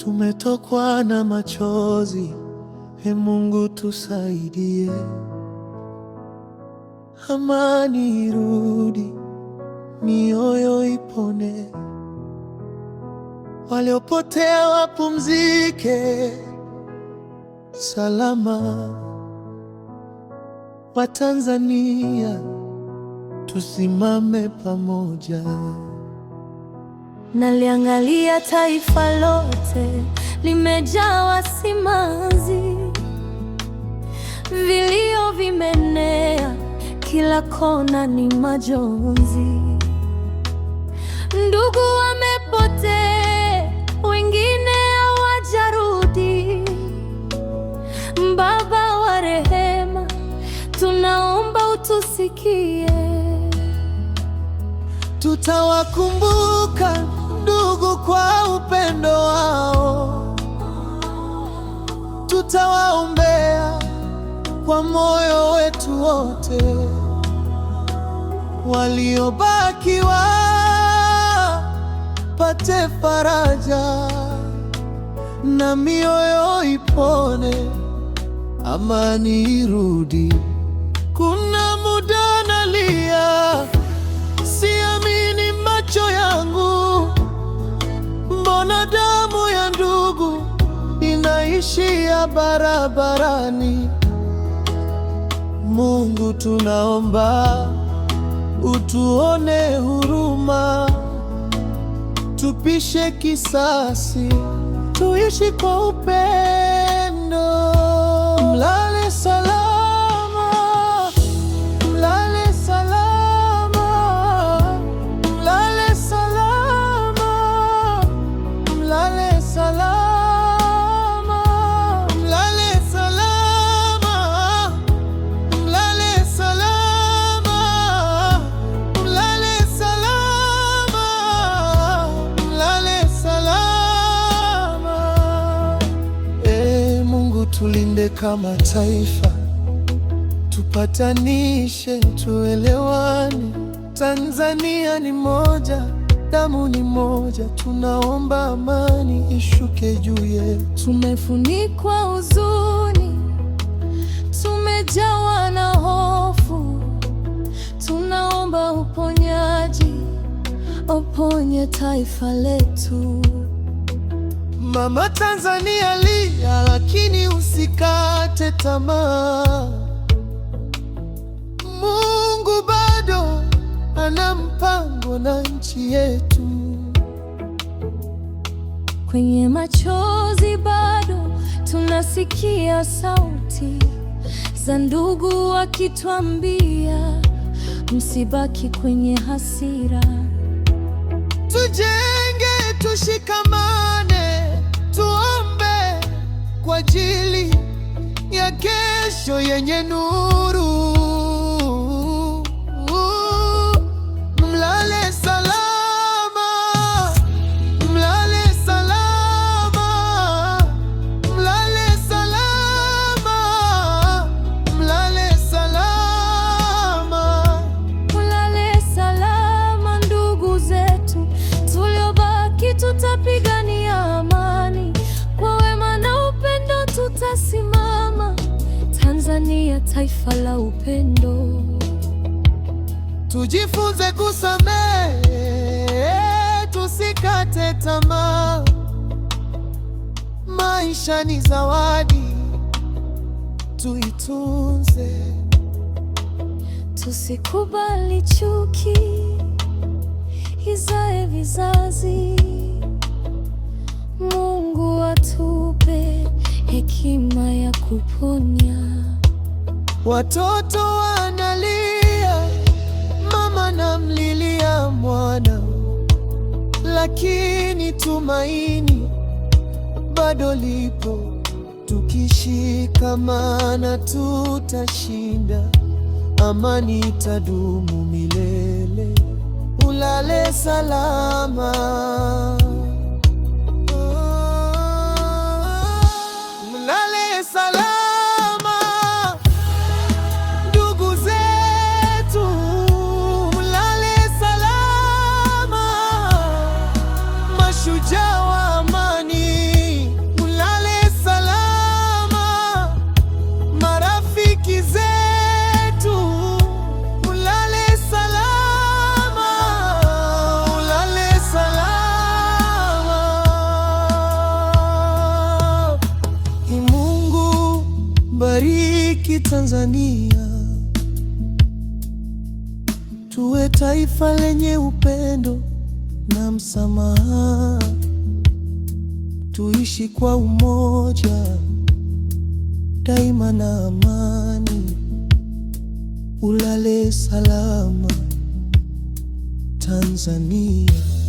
tumetokwa na machozi, e Mungu tusaidie. Amani irudi, mioyo ipone, waliopotea wapumzike salama. Watanzania tusimame pamoja. Naliangalia taifa lote limejawa simanzi, vilio vimenea, kila kona ni majonzi. Ndugu wamepotea, wengine hawajarudi. Baba wa rehema, tunaomba utusikie, tutawakumbuka ndugu kwa upendo wao, tutawaombea kwa moyo wetu wote waliobakiwa pate faraja na mioyo ipone, amani irudi. tunaishia barabarani. Mungu tunaomba utuone huruma, tupishe kisasi, tuishi kwa upendo. Tuende kama taifa, tupatanishe, tuelewane. Tanzania ni moja, damu ni moja, tunaomba amani ishuke juu yetu. Tumefunikwa huzuni, tumejawa na hofu, tunaomba uponyaji, uponye taifa letu. Mama Tanzania lia, lakini usikate tamaa. Mungu bado ana mpango na nchi yetu. Kwenye machozi bado tunasikia sauti za ndugu wakituambia, msibaki kwenye hasira, tujenge, tushikamane ajili ya kesho yenye nuru. tujifunze kusamehe, tusikate tamaa. Maisha ni zawadi, tuitunze. Tusikubali chuki izae vizazi. Mungu atupe hekima ya kuponya. Watoto wanali namlilia mwana, lakini tumaini bado lipo. Tukishikamana tutashinda, amani itadumu milele. Ulale salama. muziki Tanzania, tuwe taifa lenye upendo na msamaha, tuishi kwa umoja daima na amani. Ulale salama Tanzania.